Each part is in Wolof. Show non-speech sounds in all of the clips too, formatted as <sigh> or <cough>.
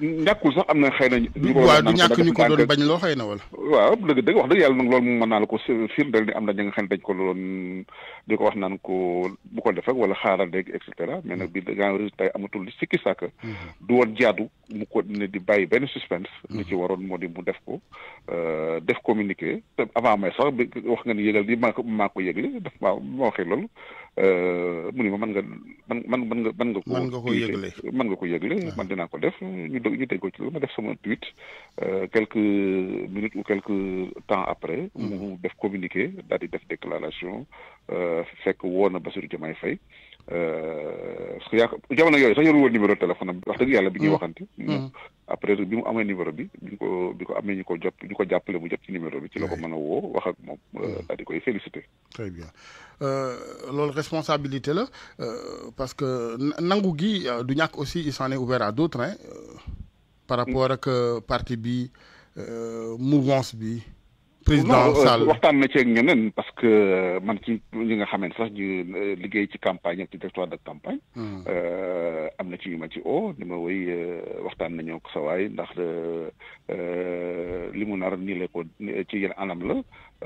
ñàkkul sax am na xëy na. waaw du ñàkk ñu ko doon bañ loo xëy na wala. waaw dëgg dëgg wax dëgg yàlla nag loolu mën naa la ko fiir dal ni am na ñi nga xam dañ ko doon di ko wax naan ko bu ko defee wala xaaral léegi et cetera. mais nag bi da ngaa résultat yi amatul li sikki sàkk. Mhm. du woon jaadu mu ko ne di bàyyi benn suspense. Mhm. li ci waroon moo di mu def ko euh, def communiqué avant may sax wax nga ni yëgal di maa ko maa ko yëgle daf maa ma waxee loolu. Euh, mu ne man nga man man nga mën nga ko mën nga ko yëgle nga ah. ko yëgle man dina ko def ñu ñu déggoo ci loolu ma def sama tweet euh quelques minutes ou quelques temps après hmm. mu def communiquer dal di def déclaration euh fekk woo na Bassirou Diomaye Faye euh, parce que yaa jamono yoy sa yoru woon numéro téléphone wax dëgg yalla biñu mm. waxanti mm. mm. après bi mu amé numéro bi bi ko amé ko amee ñu ko jàpp ñu ko jàppale mu jot ci numéro bi ci lako ko wo wax ak mom euh, daal di koy félicité très bien euh loolu responsabilité la euh, parce que nangu gi du ñak aussi il s'en est ouvert à d'autres hein, par rapport ak parti bi euh mouvance bi président euh, waxtaan na ceeg ñeneen parce que euh, man ci ñi nga xamante sax ñu euh, liggéey ci campagne ak ci directoire de campagne. Hmm. am na ci ñu ma ci o ni ma woy waxtaan nañoo ko sa waay ndax li mu nar nii la ko ci yenn anam la.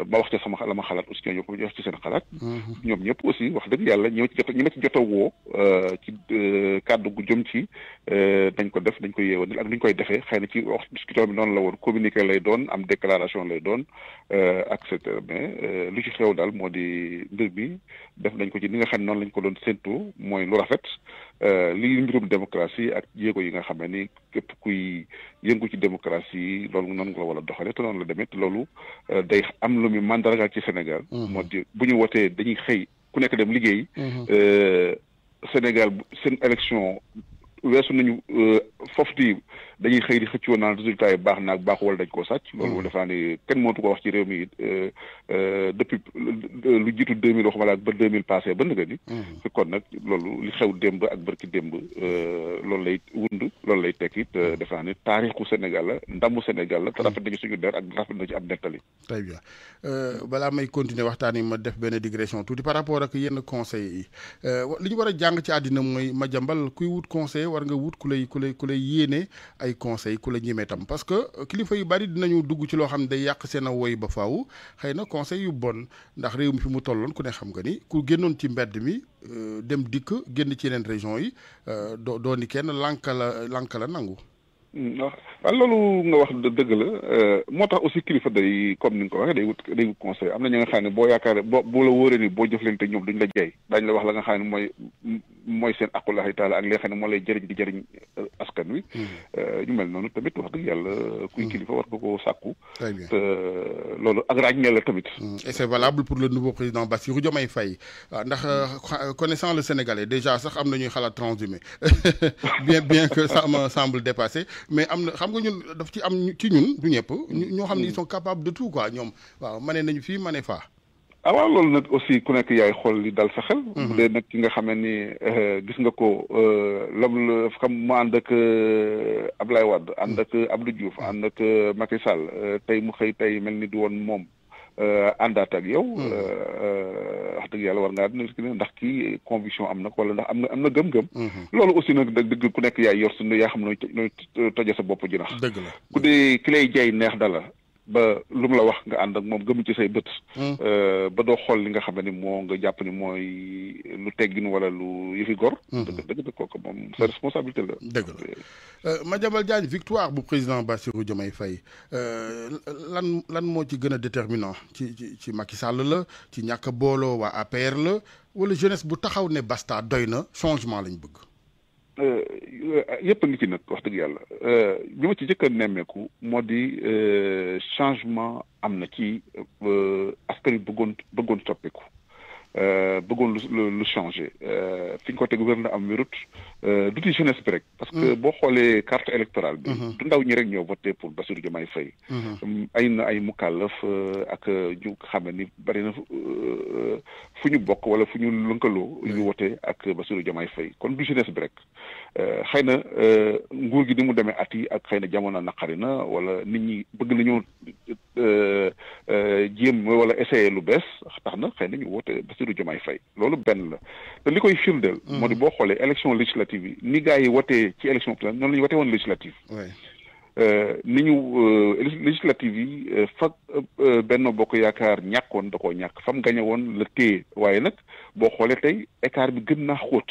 ba wax ca sama la ma xalaat aussi ñoo ko wax ci seen xalaat. Mhm. ñoom ñëpp aussi wax dëgg yàlla ñi ma ci jot ñi ci jot euh, euh, kàddu gu jëm ci euh, dañ ko def dañ ko yeewanil ak ni koy defee xëy na ci wax discussion bi noonu la woon communiqué lay doon am déclaration lay doon ak cetera mais lu ci xew daal moo di mbir bi def nañ ko ci ni nga xam noonu lañ ko doon séntu mooy lu rafet. Euh, liy mbirum démocratie ak jéego yi nga xam ne ni képp kuy yëngu ci démocratie loolu noonu nga la war a doxale te noonu la demee loolu euh, day am lu muy mandargaal ci Sénégal. Mm-hmm. moo di bu ñu wotee dañuy xëy ku nekk dem liggéey. Mm-hmm. Euh, Sénégal seen élection weesu nañu foofu di dañuy xëy di xëccoo naan résultat yi baax naag baaxul wala dañ koo sàcc. loolu moom dafa ne kenn mootu ko wax ci réew mi euh, euh, depuis lu jiitu deux mille waxuma ba deux mille passé ba nëgë ni. Hmm. kon nag loolu li xew démb ak barki démb euh, loolu lay wund loolu lay tekki te hmm. defe ne taarixu Sénégal la ndamu Sénégal la. te hmm. rafet nañu suñu der ak rafet na ci ab nettali. très bien bala may continuer waxtaan yi ma def benn digression tuuti par rapport ak yenn conseils yi li ñu war a jàng ci àddina mooy ma jàmbal kuy wut conseil war nga wut ku lay ku lay ku lay yéene ay ay conseil ku la ñemee tam parce euh, kilifa yu bari dinañu dugg ci loo xam day yàq seen a woy ba faaw xëy na conseil yu bon ndax réew mi fi mu tolloon ku ne xam nga ni ku génnoon ci mbedd mi euh, dem dikk génn ci yeneen région yi euh, doo doo ni kenn lànka la lànka la nangu. Mm, waaw loolu nga wax dëgg la moo tax aussi kilifa day comme ni nga ko waxee day wut day wut conseil nga xam ne boo yaakaaree boo boo la wóoree ni boo jëflante ñoom duñ la jaay daañu la wax la nga xam ne mooy. mooy seen aqullahi taala ak li nga xam ne moo lay jëriñ di jëriñ euh, askan wi. Hmm. Euh, ñu mel noonu tamit wax dëgg yàlla. Euh, kuy hmm. kilifa war nga koo sàkku. te loolu ak ràññee la tamit. Hmm. et c'est valable pour le nouveau président Bassirou Diomaye Faye ah, ndax connaissant le sénégalais déjà sax am na ñuy xala transhumé <laughs> bien bien que ça me semble dépassé mais am na xam nga ñun daf ci am ci ñun du ñëpp. ñoo xam ne ils sont capables de tout quoi ñoom waaw mané nañu fii mané faa. ah loolu nag aussi ku nekk yaay xool li dal sa xel. Mhm. bu nag ki nga xamee ni eh, gis nga ko eh, lam xam mu ànd ak eh, Ablaye Wade ànd ak lu Diouf mhm. ànd ak Macky Sall tey mu xëy tey mel ni di woon moom. àndaat ak yow. Mhm. wax dëgg yàlla war ngaa dina ndax kii conviction am na ko ndax am na am na gëm-gëm. loolu aussi nag dëgg ku nekk yaay yor suñu yaa xam nooy nooy toje sa bopp jinax. dëgg la ku dee ki lay jaay neex dala ba lu mu la wax nga ànd ak moom gëmu ci say bët. Hmm. Euh, ba doo xool li nga xam ne moo nga jàpp ni mooy lu teggin wala lu yëfi gor. Hmm. dëgg dëgg dëgg kooku moom sa responsabilité la. dëgg la euh, Madiambal Diagne victoire bu président Bassirou Diomaye Faye euh, lan lan moo ci gën a déterminant ci ci ci Macky la ci ñàkk booloo waa APR la wala jeunesse bu taxaw ne basta doy na changement lañ bëgg. Euh, yëpp a ngi ci nag wax dëgg yàlla euh, li ma ci njëkk a nemmeeku moo di euh, changement am na ci askan wi bëggoon bëggoon soppiku bëggoon lu lu changer fi ñu ko teg wér na am wérut du ci jeunesse bi rek. parce que mm. boo xoolee carte électorale bi. Mm-hmm. du ndaw ñi rek ñoo voté pour Bassirou Diomaye Fay. Mm-hmm. Mm, ay na ay mukallaf ak ñu xam ni bari na fu ñu bokk wala fu ñu lëkkaloo. ñu voté ak Bassirou Diomaye Fay kon du jeunesse bi rek. xëy na euh, nguur gi di mu demee at yi ak xëy na jamono naqari na wala nit ñi bëgg nañoo euh, euh, jéem wala essayer lu bees tax na xëy na ñu woote Bassirou Diomaye fay loolu benn la te li koy firndeel. Mm. moo di boo xoolee élection législative yi ni gaa yi wotee ci élection pleine noonu la ñu wotee woon législative. ni ñu législative yi fa Benno Bokk Yaakaar ñàkkoon da koo ñàkk fam gañe woon la téye waaye nag boo xoolee tey écart bi gën naa xóot.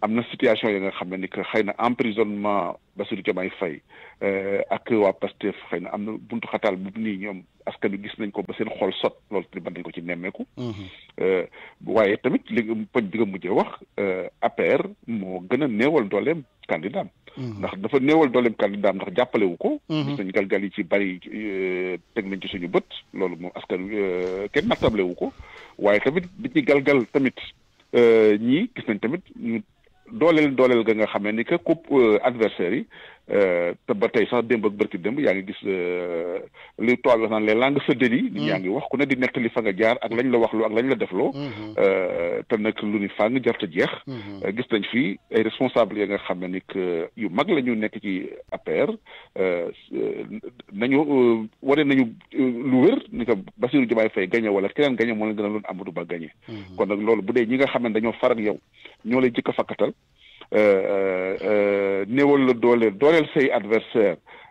am na situation yi nga xam ne ni que xay na emprisonnement Bassirou Diomaye fay euh, ak waa Pastef xëy na am na buntu xataal bu nii ñoom askan wi gis nañ ko ba seen xool sot loolu ba mën nañ ko ci nemmeeku. Mhm. Euh, waaye tamit li poñ bi nga wax euh, APR moo gën a néewal dooleem candidat mhm. ndax dafa néewal dooleem candidat ndax jàppale ko. Mhm. gis nañ galgal ci bari teg nañ ci suñu bët loolu moom askan wi kenn nattable wu ko waaye tamit bi ci galgal tamit ñii gis nañ tamit dooleel dooleel ga nga xamee ni que coupe euh, adversaire yi euh, te ba tey sax démb ak bërki démb yaa ngi gis euh, li tubaab wax naan les langues se délient ni mm. yaa ngi wax ku ne di nettali fa nga jaar ak lañ la waxloo ak lañ la defloo mm-hmm. te nag lu ni fàng jarta jeex mm-hmm. gis nañ fii ay responsable ya nga xamee ni que yu mag la ñu nekk ci APR nañu euh, wane nañu euh, lu wér ni ko Bassirou Diomaye fay gagné wala keneen gagné moo leen gën a doon Amadou Ba gagné. Mhm. kon nag loolu bu dee ñi nga xam ne dañoo faral yow ñoo lay jëkk a fakkatal euh, néewal la dooleel dooleel say adversaire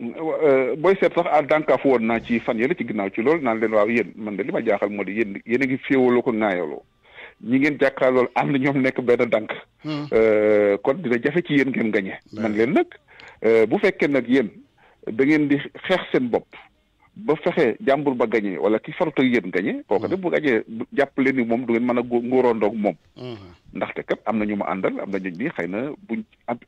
Euh, booy seet sax à dànkaafu woon naa ci fan yële ci ginnaaw ci loolu naan leen waaw yéen man de li ma jaaxal moo di yéen yéen a ngi féewaloo ko ŋaayaloo ñi ngeen jàkkaar loolu am na ñoom nekk benn dànk hmm. euh, kon dina jafe ci yéen ngeen gañe man leen nag euh, bu fekkee nag yéen da ngeen di xeex seen bopp ba fexe jambur ba gagné wala ki farto yeen gagné koku de hmm. bu gagné japp leen ni mom du ngeen mëna ngorondo ak mom ndax te kat amna ñu ma andal amna ñu ni xeyna bu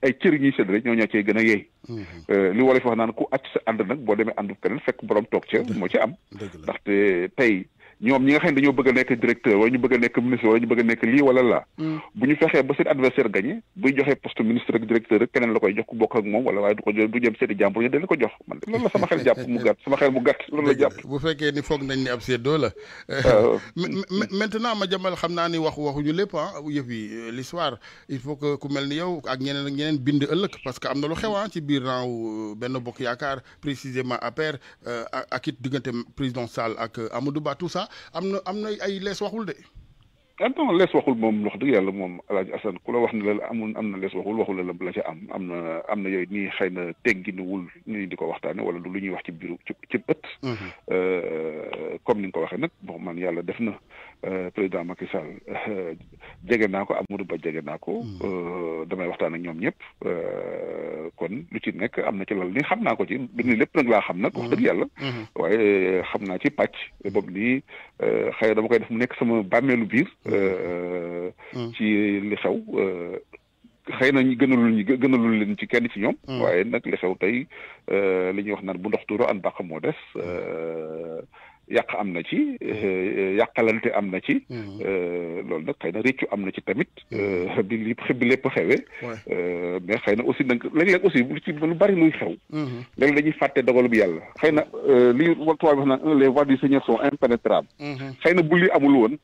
ay eh, ciir ñi seul rek ñoo ñoo cey gëna yey hmm. euh li wolé wax naan ku acc sa and nak bo démé andu keneen fekk borom tok ci mo ci am ndax te tay ñoom ñi nga xam ne dañoo bëgg a nekk directeur wala ñu bëgg a nekk ministre wala ñu bëgg a nekk lii wala laa mm. bu ñu fexee ba seen adversaire gagné buy joxee poste ministre directeur keneen la koy jox ku bokk ak moom wala waaye du ko du jëm seeti jàmbur ñu dañ ko jox man sama xel jàpp mu gàtt sama xel mu gàtt loolu jàpp bu fekkee ni foog nañ ni ab seddoo la euh. <laughs> maintenant ma jàmbal xam naa ni wax waxuñu lépp ah yëf yi euh, l'histoire il faut que ku mel ni yow ak ñeneen ak ñeneen bind ëllëg parce que am na lu xew ah, ci biir rang euh, benn bokk yaakaar précisément APR ak it diggante président Sall ak Amadou Ba tout ça am na am na ay lees waxul de ah non lees waxul moom wax dëgg yàlla moom El Hadj Assane ku la wax ne la amul am na lees waxul waxul la la am am na yooyu nii xëy na tegginuwul ñu di ko waxtaane wala du lu ñuy wax ci biiru ci ci ëtt. Mhm. Euh, comme ni nga ko waxee nag bon man yàlla def na euh, président Macky Sall <laughs> jege naa ko am Amadou Ba jege naa ko. Mhm. Euh, damay waxtaan ak ñoom ñëpp. kon lu ci nekk am na ci loolu ni xam naa ko ci du ni lépp nag laa xam nag. wax dëgg mhm. yàlla. waaye xam naa ci pàcc boobu nii xëy na dama koy def mu nekk sama bàmmeelu biir. Euh, euh, mm. ci li xew euh, xëy na ñu gënalul ñu gënalul leen ci kenn ci ñoom. Mm. waaye nag li xew tey li ñu wax naan bu ndox tuuru an bàq moo des. Mm. yàq am na ci yàqalante am na ci. loolu nag xëy na réccu am na ci tamit. bi li bi lépp xewee. mais xëy na aussi nag léeg-léeg aussi lu ci lu bari luy xew. Mm-hmm. léeg dañuy fàtte dogalu bi yàlla xëy na li tubaab bi wax naan les voies du Seigneur sont impénétrables. Mm-hmm. na bu amul woon.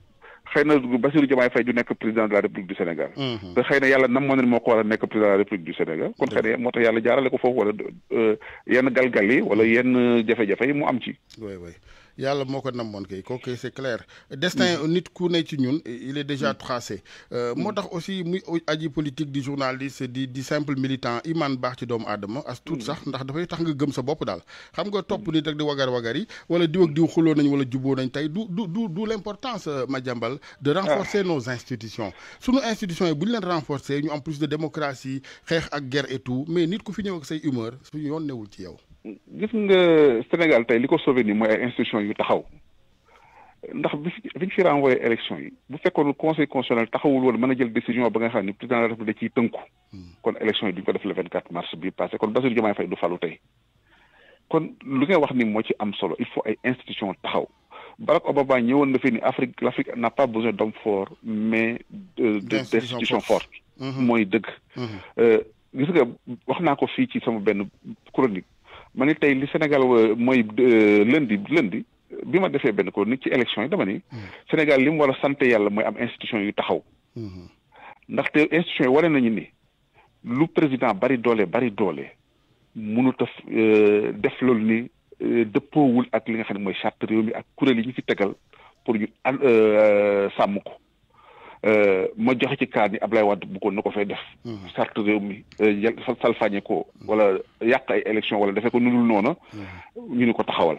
xëy na Bassirou Diomaye Faye du nekk président de la République du Sénégal mhm. te xëy na yàlla nam moo nen moo ko war a nekk président de la République du Sénégal kon xëy na moo tax yàlla jaarale ko foofu wala euh, yenn galgal yi wala mhm. yenn jafe-jafe yi mu am ci yàlla kay ko kay c'est clair. destin mm. nit ku ne ci ñun il est déjà mm. tracé. Euh, moo mm. aussi muy aji politique di journaliste di di simple militant iman baax ci doomu aadama as tout sax ndax dafay tax nga gëm sa bop dal xam nga top nit rek di wagar wagar yi wala diw ak diw xuloo nañ wala juboo nañ du du du l'importance l'importance euh, jambal de ah. renforcer nos institutions suñu institutions yi bu leen renforcer ñu am plus de démocratie xex ak guerre et tout mais nit ku fi ñew ak say humeur suñu yoon newul ci yow gis nga Sénégal tey li ko sauvé nii mooy ay institution yu taxaw ndax bi fi envoyé renvoyé élection yi bu fekkoon conseil constitutionnel taxawul woon mën a jël décision ba nga xam ni président de la république ciy tënku. Hmm. kon élection yi duñ ko def le 24 mars bi passé kon Bassirou Diomaye Faye du falu tey kon lu ngay wax ni moo ci am solo il faut ay institution taxaw Barack Obama ñëwoon na fi ni Afrique l' Afrique n'a pas besoin d'hommes forts mais de d'institutions fortes. Hmm. mooy dëgg. Hmm. Euh, gis nga wax naa ko fii ci sama benn chronique. ma ni tey li Sénégal mooy euh, lundi lundi bi ma defee benn ko nit ci élection yi dama ni. Hmm. Sénégal li mu war a sant yàlla mooy am institution yu taxaw. Hmm. ndaxte institution yi wane nañu ni lu président bari doole bari doole mënut a euh, def loolu ni euh, dëppoowul ak li nga xam ne mooy charte réew mi ak kuréel yi ñu fi tegal pour ñu sàmm ko. Euh, ma joxe ci kaa ni Ablaye Wade bëggoon na ko fee def. charte hmm. réew mi yal euh, salfaañe ko. wala yàq ay élection wala defee ko nulul noona hmm. ñu ni ko taxawal.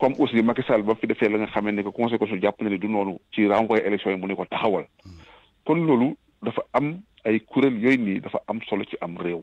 comme aussi Macky Sall ba fi defee la nga xamee ne que conseil jàpp na ni du noonu ci renvoyer élection yi mu ne ko taxawal. Hmm. kon loolu dafa am ay kuréel yooyu nii dafa am solo ci am réew.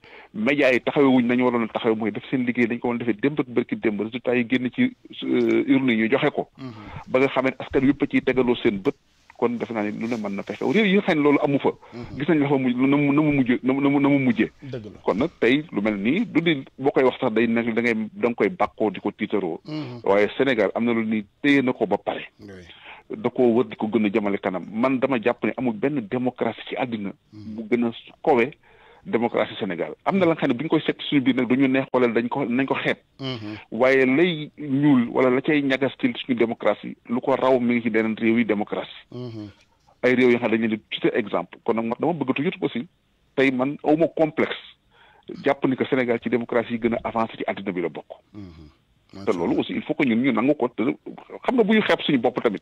médias yi taxawewuñ nañu waroon taxawe mooy def seen liggéey dañ koo woon defee démb ak bërki démb résultat yi génn ci euh, urne yi ñu joxe ko mm-hmm. ba nga xam ne askan yëpp ciy tegaloo seen bët kon defe naa ne lu ne mën na fexe loolu amu fa mm-hmm. gis nañ la fa mujj na mu na mu mujj na mu na mu mujjee kon nag tey lu mel nii du di boo koy wax sax day nag da ngay da nga koy bàkkoo di ko tiitaroo mm-hmm. waaye Sénégal am na lu ni téye na ko ba pare da koo wër di ko gën a jamale kanam man dama jàpp ne amul benn démocratie ci àddina mu gën a kowe démocratie Sénégal am na la nga xam ne bi ñu koy seet suñu biir nag ñu neex wala dañ ko nañ ko xeeb mm-hmm. waaye lay ñuul wala la cay ñagas ci suñu démocratie lu ko raw mi ngi ci deneen réew yi démocratie mm-hmm. ay réew yi nga xam ne dañu exemple kon nag ma dama bëggatu yëpp aussi tey man awma complexe jàpp ni ko Sénégal ci démocratie yi gën a avancé ci àddina bi la bokk mm-hmm. te loolu aussi il faut que ñun ñu nangu ko te xam nga bu ñu xeeb suñu bopp tamit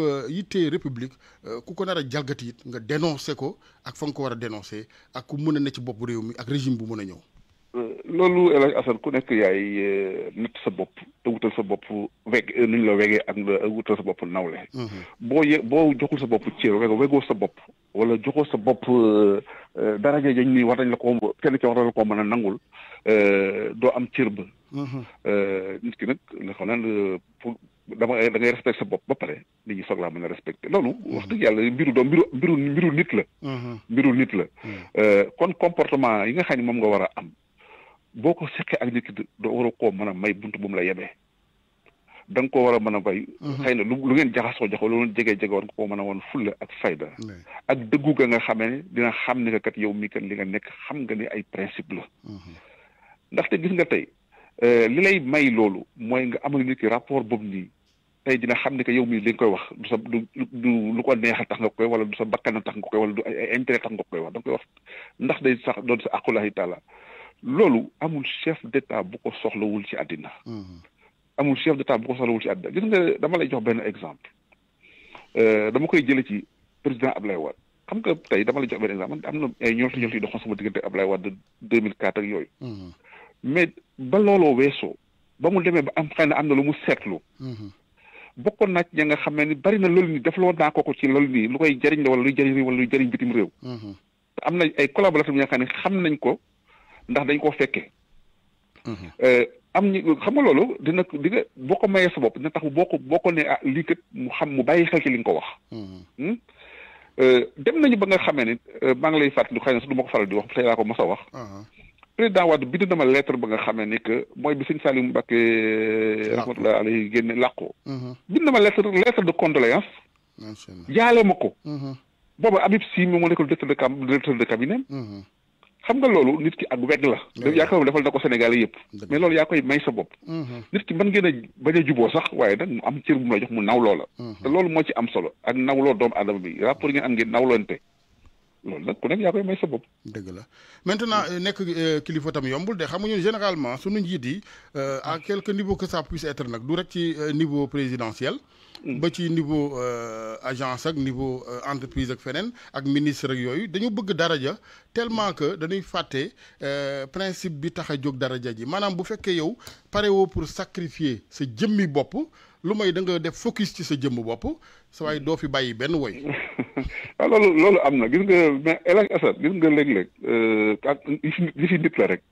Euh, yitte république euh, ku ko nar a jalgati it nga dénoncé ko ak fa nga ko war a dénoncé ak ku mën a ne ci bopp réew mi ak régime bu mën a ñëw. Euh, loolu El Hadj ku nekk yaay natt sa bopp te wutal sa bopp weg nu ñu la wegee ak wutal sa bopp nawle. Mhm. boo ye boo joxul sa bopp cër wegoo sa bopp. wala joxoo sa bopp daraja dañ ni wax dañ la ko kenn ci wax la ko mën a nangul doo am cër ba. Mhm. dama da ngay respecté sa bopp ba pare nit ñi soog laa mën hmm. a respecté loolu wax dëgg yàlla mbiru do mbiru mbiru mbiru nit la mbiru nit la kon comportement lah ya hmm. lah, lah. yi hmm. eh, nga xam ne moom nga war a am boo ko sekkee ak nit doo war a koo mën a may bunt bu mu la yebee da nga ko war a mën a bay xëy na lu ngeen jaxasoo jaxoo loolu jege jege war nga ko mën a woon fulle ak fayda ak dëggu ga nga xamee dina xam ni nga kat yow mii kat li nga nekk xam nga ni ay principe la ndaxte gis nga tey li lay may loolu mooy nga amal nit ki rapport boobu nii tey dina xam ne que yow mii li nga koy wax du sa du du lu ko neex a tax nga koy wala du sa bakkan a tax nga koy wala du ay intérêt tax nga koy wax da nga koy wax ndax day sax doon sa aqulahi taala loolu amul chef d'état bu ko soxlawul ci àddina mm-hmm. amul chef d'état bu ko soxlawul ci àddina gis nga dama lay jox benn exemple euh, dama koy jële ci président Ablaye Wade xam nga tey dama lay jox benn exemple am na ay ñolti ñolti yi doxoon sama diggante Ablaye Wade deux mille quatre ak yooyu mm-hmm. mais ba looloo ba mu demee ba am xëy na am na lu mu seetlu mm-hmm. bokkoon naa ci ña nga xam ne ni bari na loolu nii def loon naa kooku ci loolu nii lu koy jëriñ la wala luy jëriñ réew wala luy jëriñ bitim réew mhm. am na ay collaborateur ñi nga ne xam nañ ko ndax dañ koo fekkee mhm. euh, am xam nga loolu dina di boo ko mayee sa bopp dina tax boo ko boo ko ne ah lii kat mu xam mu bàyyi xel ci li ko wax mhm. hmm? euh, dem nañu ba nga xamee ne euh, maa ngi lay fàttali xëy na su du ma ko faral di wax tey laa ko mos a wax président Wade bind na ma ba nga xamee ni que mooy bi sëñ Salim Mbacké rahmatullah alayhi génne làqoo mhm. bind na ma lettre lettre de condoléance jaale a ko mhm. booba Habib Sy moom moo nekkoon directeur de de cabinet mhm. xam nga loolu nit ki ak weg la yaakaar defal na ko Sénégal yëpp mais loolu yaa koy may sa bopp nit ki mën ngeen a juboo sax waaye nag mu am ci bu mu la jox mu nawloo la te loolu moo ci am solo ak nawloo doomu aadama bi rapport ngeen am ngeen nawloonte loolu nag ku nekk yaa koy may sa bopp. dëgg la maintenant euh, nekk euh, kilifa tam yombul de xam nga ñun généralement suñu njiit yi euh, à quelque niveau que ça puisse être nag du rek ci niveau présidentiel. Mm. ba ci niveau agence ak niveau entreprise ak feneen ak ministre ak yooyu dañu bëgg daraja tellement que dañuy fàtte principe bi tax a jóg daraja ji maanaam bu fekkee yow pare pour sacrifier sa jëmmi bopp. lu may da nga def focus ci sa jëmm bopp sa doo fi bàyyi benn woy waaw <laughs> ah, loolu loolu am na gis nga mais El Hadj Assane gis nga léeg-léeg euh, ak li fi nit la rek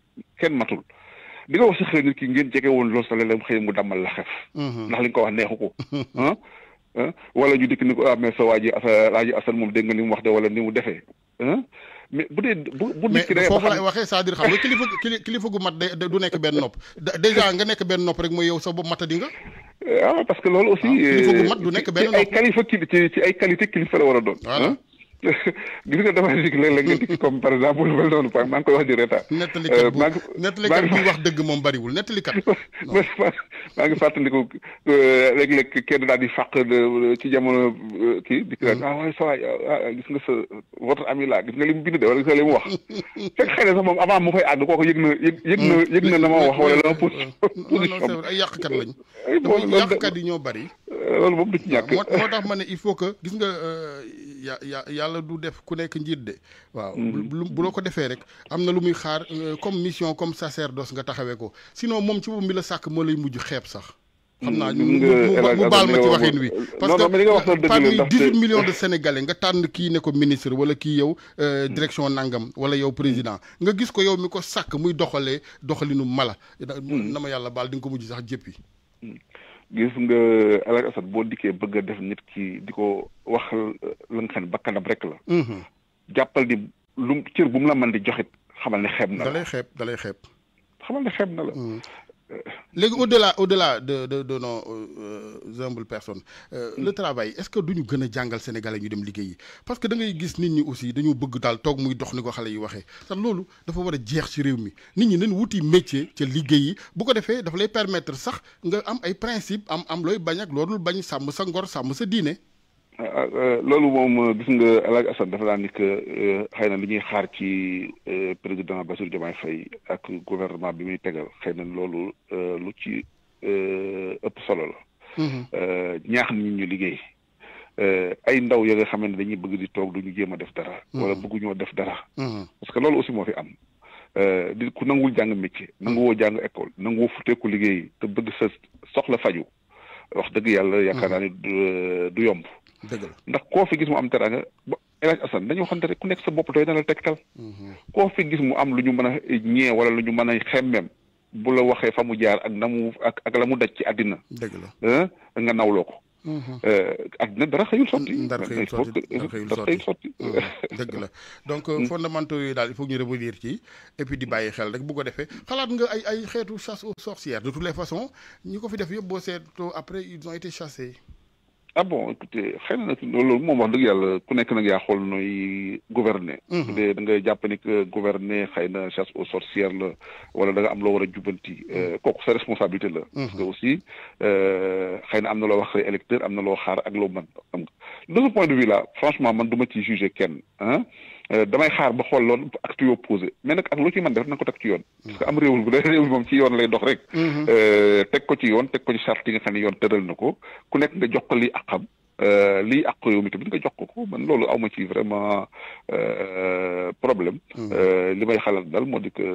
kenn matul di nga wax si xëy nit ki ngeen jege woon loolu sa léeg-léeg xëy mu dàmmal la xef mhm. ndax li nga ko wax neexu ko <laughs> ah, ah, wala ñu dikk ni ko amee mais sa waa ji Assane laa moom dégg nga ni mu wax de wala ni mu defee mais bu dee bu bu nit foofu laay waxee c'est-à-dire xam nga kilifa kilifa gu mat day du nekk benn nopp déjà nga nekk benn nopp rek mooy yow sa bopp matadi nga. ah parce que loolu aussi. Ah, kilifa gu euh, mat du nekk benn nopp ci ay qualité kilifa la war a doon. <laughs> gis nga dafa zik léeg-léeg nga dikk comme par exemple lu mel noonu maa ngi koy wax di retaa. <laughs> nettalikat euh, bu <laughs> nettalikat bu wax maa ngi fàttaliku euh, léeg-léeg kenn daal di fàq euh, ci jamono kii di ko hmm. ah, ah, ah gis nga sa votre ami la gis nga li mu bind de wala gis nga li mu wax. fekk xëy na sax moom avant mu fay àgg kooku yëg na yëg hmm. na na ma wax wala la ma. position ay yàqkat lañ. yàqkat yi ñoo bari. loolu moom du ci ñàkk. moo tax ma ne il faut que gis nga euh, ya yàlla du def ku nekk njiit de. waaw mm-hmm. bu loo ko defee rek am na lu muy xaar euh, comme mission comme sacerdoce nga taxawee ko sinon moom ci boobu mi la sàkk moo lay mujj xeeb sax. xam naa mm-hmm. ñu mu baal ma ci waxin wi parce que parmi dix-huit million de sénégalais nga tànn kii ne ko ministre wala kii yow euh, direction nangam wala yow président mm-hmm. nga gis ko yow mi ko sàkk muy doxalee doxalinu mala na ma yàlla baal di nga ko mujj sax jéppi gis nga El Hadj Assane boo dikkee bëgg a def nit ki di ko wax la nga bakkanam rek la. Mhm. jàppal ni lu cër bu mu la mën di joxit xamal ne xeeb na la. da lay xeeb da lay xamal ne xeeb na la. Mhm. léegi au delà au delà de de de nos euh, euh, humbles personnes. Euh, mm. le travail est ce que du ñu gën a jàngal sénégalais ñu dem liggéeyi parce que da ngay gis nit ñi aussi dañoo bëgg daal toog muy dox ni ko xale yi waxee sax loolu dafa war a jeex ci réew mi nit ñi nañ wuti métier ca liggéeyi bu ko defee dafa lay permettre sax nga am ay principe am am looy bañ ak loolu bañ sàmm sa ngor sàmm sa diine. Ah, ah, euh, loolu moom euh, gis nga El Hadj Assane dafa daan ni que euh, xëy na li ñuy xaar ci président Bassirou Diomaye Faye ak gouvernement bi muy tegal xëy na loolu lu ci ëpp solo la. Mm-hmm. ñaax nit ñu liggéey ay ndaw ya nga xam ne dañuy bëgg di toog duñu jéem a def dara. Mm-hmm. wala bëgguñoo def dara. Mm-hmm. parce que loolu aussi moo fi am. di ku nanguwul jàng métier nanguwoo jàng école nanguwoo futeeku liggéey te bëgg sa soxla faju wax dëgg yàlla. yaakaar naa ni du yomb. ndax koo fi gis mu am teranga ba El Hadj Assane dañu waxante rek ku nekk sa bopp doy na la tegtal mhm. koo fi gis mu am lu ñu mën a ñee wala lu ñu mën a xemmem bu la waxee fa mu jaar ak na mu ak ak la mu daj ci àddina ah, nga nawloo ko mhm. eh, àddina dara xëyul sotti mm, dara xëyul sotti dara xëyul sotti mm. Mm, dëgg la donc euh, fondamentaux yooyu daal il faut ñu revenir ci et puis di bàyyi xel rek bu ko defee xalaat nga ay ay xeetu chasse aux sorcières de toutes les façons ñi ko fi def yëpp boo seetoo après ils ont été chassés ah bon écoutez xëy na nag loolu moom wax dëgg yàlla ku nekk nag yaa xool nooy gouverner. bu mhm. dee da nga jàpp ni que gouverner xëy na chasse aux sorcières la wala da nga am loo war a jubbanti mhm. euh, kooku sa responsabilité la. Mhm. parce que aussi euh, xëy na am na loo wax say électeur am na loo xaar ak loo mën am de point de vue là franchement man du ma ciy juger kenn ah. Euh, damay xaar ba xool loolu acte yoo posé mais nag ak lu ci man def na ko teg ci yoon. parce que am réew bu dee réew bi moom ci yoon lay dox rek. Mhm. Euh, teg ko ci yoon teg ko ci charte yi nga xam ne yoon tëral na ko ku nekk nga jox ko lii àqam euh, lii àq yow mi tamit nga jox ko ko man loolu awma ci vraiment problème. Mhm. li may xalaat dal moo di que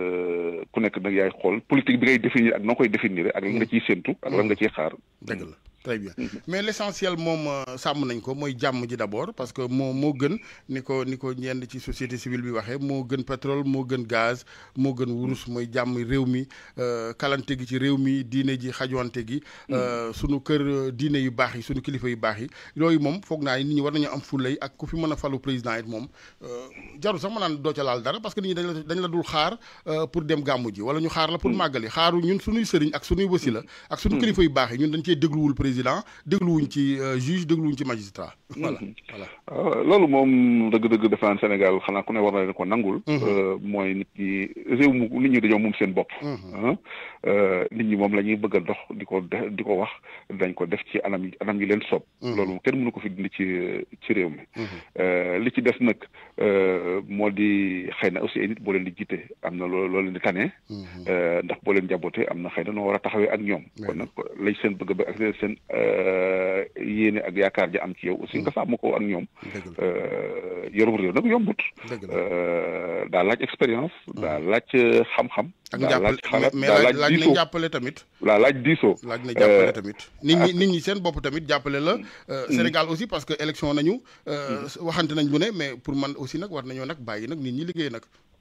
ku nekk nag yaay xool politique bi ngay définir ak noo koy définir ak lan nga mhm. ciy séentu. ak lan nga ciy xaar. dëgg la. très bien mm-hmm. mais l'essentiel, mom euh, sam nañ ko parce que mo mo gën niko niko ci société civile bi pétrole gën gaz mo gën wurus moy jamm réew mi euh, kalante gi ci réew mi ji gi. Euh, mm-hmm. sunu kër diiné yu yi sunu kilifa yu bax yi mom na ñi war am fulay ak ku fi falu président mom. euh jaru sax dara parce que ñi dañ la pour dem gamu ji wala ñu xaar la pour magali, mm-hmm. xaaru ñun sëriñ ak la ak sunu kilifa yu bax yi ñun président dégluwuñ ci euh, juge dégluwuñ ci magistrat. Mhm. voilà voilà. Euh, loolu moom dëgg-dëgg defe naa Sénégal xanaa ku ne war na ko nangul. Mhm. Euh, mooy nit ñi réew mu nit ñi moom seen bopp. Mhm. Ah, nit ñi moom lañuy bëgga bëgg a di ko di ko wax dañ ko def ci anam yi anam yi leen soob. loolu kenn mënu ko fi ci ci réew mi. li ci des nag moo di xëy na aussi ay nit boo leen di jiite am na loo loo leen di tane. ndax boo leen jàbbootee am na xëy na noo war a taxawee ak ñoom. kon lañ seen bëgg ba seen Euh, yéene ak yaakaar ja am ci yow aussi nga mm. sàmm ko ak ñoom euh, yorum réew nag yombut euh, daal laaj expérience mm. daa laaj xam-xam daa laaj xalaat daa laaj laaj na tamit laa laaj diisoo laaj na jàppale tamit nit ñi nit ñi seen bopp tamit jàppale la mm. Sénégal aussi parce que élection nañu waxante nañ lu ne mais pour man aussi nag war nañoo nag bàyyi nag nit ñi liggéey nag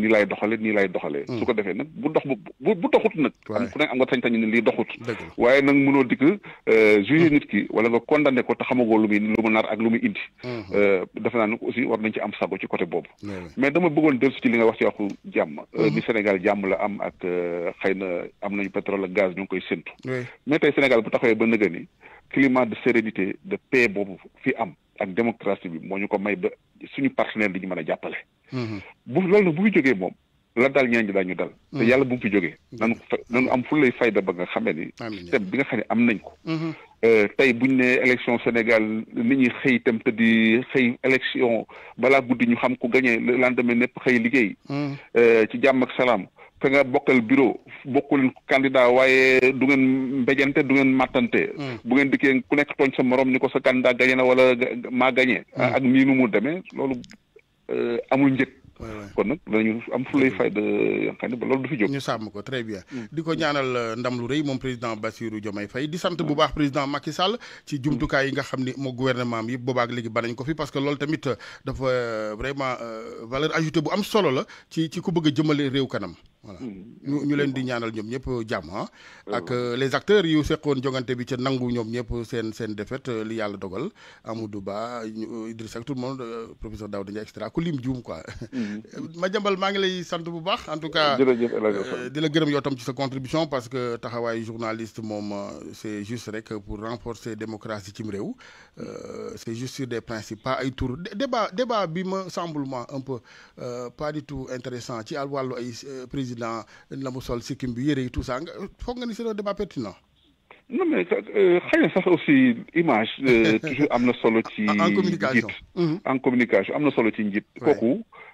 nii laay doxale nii lay doxalee mm. su ko defee nag bu dox bu bu doxut nag am ku nekk am nga sañ-sañ ne lii doxut waaye nag mënoo dikk euh, jugé mm. nit ki wala nga condamné ko te xamagoo lu muy lu mu nar ak lu muy indi mm-hmm. euh, defe naa ne ko aussi war nañ ci am sago ci côté boobu mais dama bëggoon dellu ci li nga wax ci waxu jàmm euh, mm-hmm. ni Sénégal jàmm la am ak xëy na am nañu pétrole ak gaz ñu ngi koy séntu mais tey Sénégal bu taxawee ba nëga ni climat de sérénité de paix boobu fi am ak démocratie bi moo ñu ko may ba suñu partenaire di ñu mën a jàppale bu loolu nag bu fi jógee moom la dal ñaan ñi daañu dal te mm-hmm. yàlla bu mu fi jógee mm-hmm. mm-hmm. nanu am fu lay fayda ba nga xamee ni système bi nga xam ne am nañ ko euh, tey buñ ne élection Sénégal nit ñi xëy itam te di xëy élection balaa guddi ñu xam ku gagné la lendemain népp xëy liggéey euh, ci jàmm ak salaam ka nga bokkal bureau bokku leen waaye du ngeen mbéjante du ngeen màttante bu ngeen dikkee ku nekk tooñ sa morom ni ko sa candidat gagné na wala maa gagné ak nii mu demee euh, amul njëg kon nag dañu am fu lay fay de xa ne ba loolu du fi jóg ñu sàmm ko très bien mm. di ko ñaanal eh, ndam lu rëy moom président basiru jomay fay di sant bu baax président Macky Sall ci jumtukaay yi nga xam ne moo gouvernement yi boobaa ak léegi banañ ko fi parce que loolu tamit eh, dafa eh, vraiment valeur ajoutée bu am solo la ci ci ku bëgg a jëmale réew kanam voilà hmm. ñu ñu leen di ñaanal ñom ñëpp jàmm ah. Hmm. ak euh, les acteurs yu seqoon jongante bi ci nangu ñom ñëpp s'en sen défaite euh, li yalla dogal Amadou Ba euh, Idriss ak tout le monde professeur Daouda Ndiaye et ku lim juum quoi. Hmm. <laughs> Madiambal ma ngi lay sant bu baax. en tout cas dila gërëm yow tam ci sa contribution parce que taxaway journaliste mom c'est juste rek pour renforcer démocratie ci réew. c' juste sur des principes pas ay tour débat débat bi ma semble moi un peu pas du tout intéressant ci walu ay président président la mu sol bi yére tout ça nga que ni c'est un débat pertinent. non mais ça euh, euh, ça aussi image euh, <laughs> toujours Amna na solo. ci en communication en communication mhm. Amna solo ci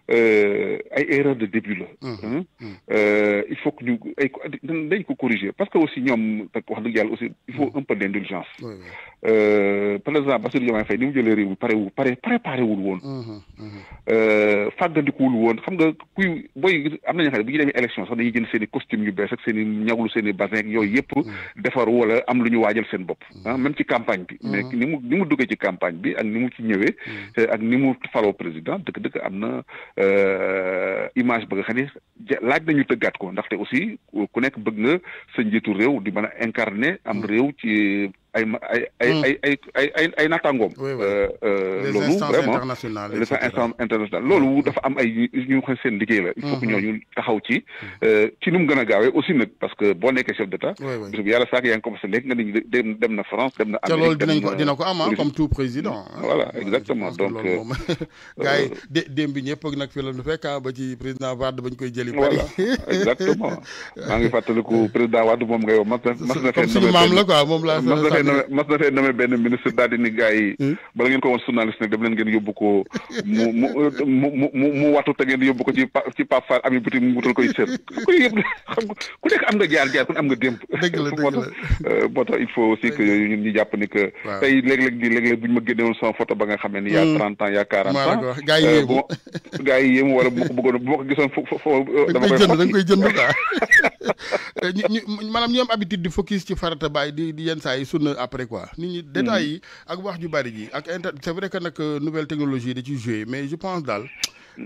euh, ay erreur de début la. Mmh. Hein? Mmh. Euh, il faut que ñu ay dañ ko corriger parce que aussi ñom wax dëgg yàlla aussi il faut mmh. un peu d'indulgence euh, par président Bassir Diomaye Faye ni mu jëlee réew mi pare wul pare préparé wul woon. fàggandikuwul woon xam nga kuy booy am nañu xam bu ñu demee élection sax dañuy jënd seen i costume yu bees ak seen i ñawlu seen i basin ak yooyu yëpp. defar wala am lu ñu waajal seen bopp. Hein, même ci campagne bi. mais ni mu ni mu duggee ci campagne bi ak ni mu ci ñëwee. ak ni mu faloo président dëgg dëgg am na. Euh, image ba nga xam ne laaj nañu tëggaat ko ndaxte aussi ku nekk bëgg nga sa njiitu réew di mën a incarner am mm. réew ci ay ay hmm. ay ay ay ay ay naataangoom. Euh, euh, loolu vraiment les instances hmm. dafa am ay ñu xam seen liggéey la. il faut que hmm. ñooñu taxaw ci euh, ci nu gën a gaawee aussi nag parce que boo nekkee chef d'état. bis bu yàlla saak yaa ngi commencé léegi nga ni dem na France dem na. Amérique loolu dinañ dina ko am ah, comme tout président. voilà exactement donc. <laughs> gars dé démb bi ñëpp nag fi la ñu fekk ah, ba ci président Wade bañ koy jëli. voilà <laughs> exactement maa ngi fàttaliku président Wade moom nga yow mas na mas na. comme suñu maam la quoi masna fay namé ben ministre dal di ni gaay bala ngeen ko won journaliste nak dem len ngeen yobbu ko mu mu mu watu ta ngeen yobbu ko ci ci pap far ami buti mu mutul koy seet ko yeb ku nek am nga jaar jaar ku am nga demb deug la deug la boto il faut aussi que ñun ñi japp ni que tay leg leg di leg leg buñ ma gëdé won sama photo ba nga xamé ni ya 30 ans ya 40 ans gaay yeb gaay yeb wala bu ko bëggono bu ko gisson fo dama koy jënd dang koy jënd ta manam ñu am habitude di focus ci farata bay di di yeen say sunna après quoi nit ñi détails ak wax ju bari ji ak c'est vrai que nak euh, nouvelle technologie de ci jouer mais je pense dal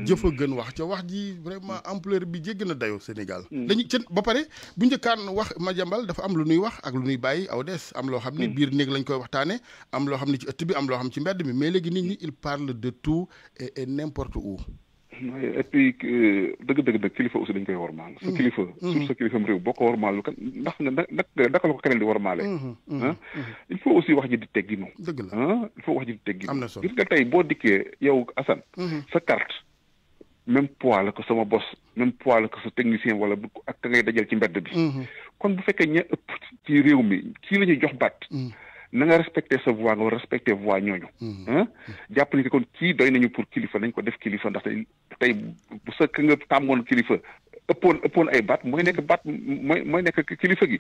jeuf a gën wax ci wax ji vraiment ampleur bi jégg na dayo Sénégal mm. dañu ci ba paré bu kan wax ma jambal dafa am lu nuy wax ak lu nuy bàyyi aw dess am lo xamni ni mm. biir néeg lañ koy waxtané am lo xamni ci ëtt bi am lo xam ci mbedd mi mais légui nit ñi il parle de tout et, et n'importe où et puis dëgg-dëgg dëgg kilifa aussi dañ koy wormaal. sa mhm. kilifa mhm. suuf sa kilifam réew boo ko wormaalu kan ndax naka la ko keneen di wormaale. Mhm. Ah? il faut aussi wax ji di tegginu. dëgg la ah? il faut wax ji di tegginu. am na solo gis nga tey boo dikkee yow Assane. sa carte même poids la ko sama bos même poids la ko sa technicien wala ak ka ngay dajal ci mbedd bi. kon bu fekkee ña ëpp ci réew mi kii la ñuy jox baat. na nga respecté sa voix nga respecté voix ñooñu mm-hmm. jàpp ni que kon kii doy nañu pour kilifa nañ ko def kilifa ndax tey bu sa nga tàmmoon kilifa ëppoon ëppoon ay baat mooy nekk baat mooy nekk kilifa gi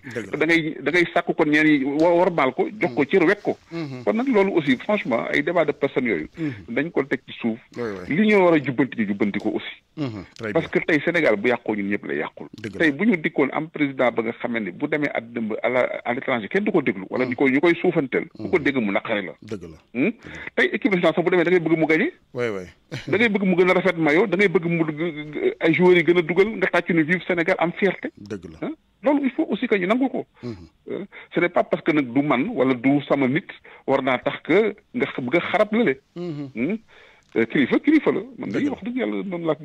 da sàkk kon ñeen yi war maal ko jox ko mm. cër wekk ko mm-hmm. kon loolu aussi franchement ay débat de personnes yooyu mm-hmm. dañ ko teg suuf li ñu war a jubbanti jubbanti ko aussi mm-hmm. parce que tey Sénégal bu yàqoo ñun ñëpp la yàqul tey bu ñu dikkoon am président ba nga xamee bu demee at dëmb à la à l'étranger kenn du ko déglu wala mm. ñu koy suufanteel bu ko mm. dégg mu naqari hmm? la tey équipe nationale sax bu demee a a tàccu ne vive Sénégal am fierté. dëgg la loolu il faut aussi que ñu nangu ko. Euh, ce n'est pas parce que nag du man wala du sama nit war naa tax que nga bëgg a xarab lële. Euh, kilifa kilifa la. man day wax du yàlla noonu laa ko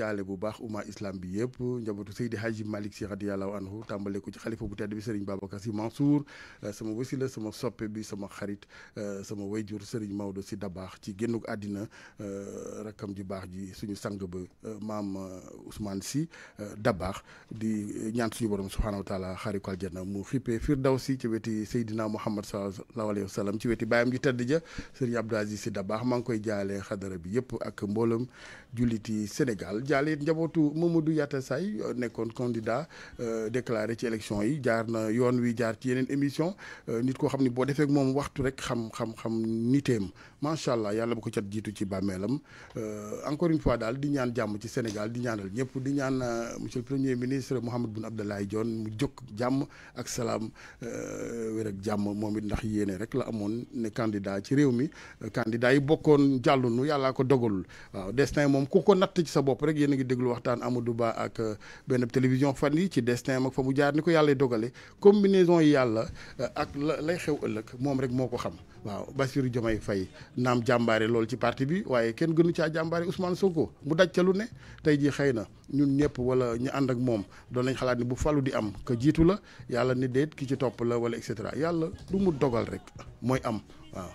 jaale bu baax umma islaam bi yëpp njabootu Seydi Hadji Malick Sy radiyallahu anhu tàmbale ko ci xalifa bu tedd bi Serigne Babacar Sy Mansour euh, sama wasila sama soppe bi sama xarit euh, sama wayjur sëriñ Maodo Sy Dabakh ci génnuk àddina euh, rakkam ji baax ji suñu sang ba maam Ousmane Sy Dabakh di ñaan suñu borom subhaanahu wa taala xaari ko aljanna mu xippee firdawsi ci weti Seydina Mouhamed sallallahu alayhi wa sallam ci weti baayam ju tedd ja Serigne Abdou Aziz Sy Dabakh maa ngi koy jaale xadara bi yëpp ak mboolem julliti Sénégal Diallo Njabotou Mamadou Yatta Say euh, nekkoon candidat euh, déclaré ci élection yi jaar na yoon wi jaar ci yenen émission euh, nit ko xamni bo boo defee ak moom waxtu rek xam xam xam niteem macha allah yàlla bu ko cat jiitu ci bàmmeelam euh, encore une fois daal di ñaan jàmm ci Sénégal di ñaanal ñëpp di ñaan euh, monsieur le premier ministre Mahammed Boun Abdallah Dionne mu jóg jàmm ak salaam euh, wér ak jàmm moom it ndax yéene rek la amoon ne candidat ci réew mi candidat yi bokkoon jàllunu yàllaa ko dogalul waaw destin moom ku ko natt ci sa bopp rek yéen a ngi déglu waxtaan Amadou Ba ak benn télévision fan yi ci destin ak fa mu jaar ni ko yàlla dogale combinaison yi yàlla ak la lay xew ëllëg moom rek moo ko xam waaw basiru jomay fay naam jàmbaare loolu ci parti bi waaye kenn gënu caa jàmbaare ousmane sonko mu daj ca lu ne tey ji xëy na ñun ñëpp wala ñu ànd ak moom doonañ xalaat ni bu falu di am que jiitu la yàlla ni déet ki ci topp la wala et cetera yàlla du mu dogal rek mooy am waaw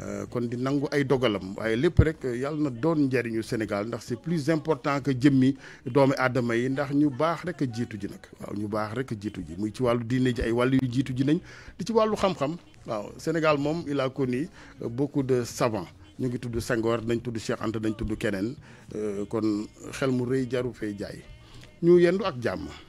Euh, kon di nangu ay dogalam waaye lépp rek euh, yàlla na doon njariñu Sénégal ndax c'est plus important que mi doomi adama yi ndax ñu baax rek a jiitu ji nag waaw ñu baax rek a jiitu ji muy ci wàllu diine ji ay wàllu yu jiitu ji nañ di ci wàllu xam-xam waaw Sénégal moom il a connu euh, beaucoup de savants ñu ngi tudd sangor nañ tudd Cheikh Anta nañ tudd keneen kon xel mu rëy jaru fay jaay ñu yendu ak jàmm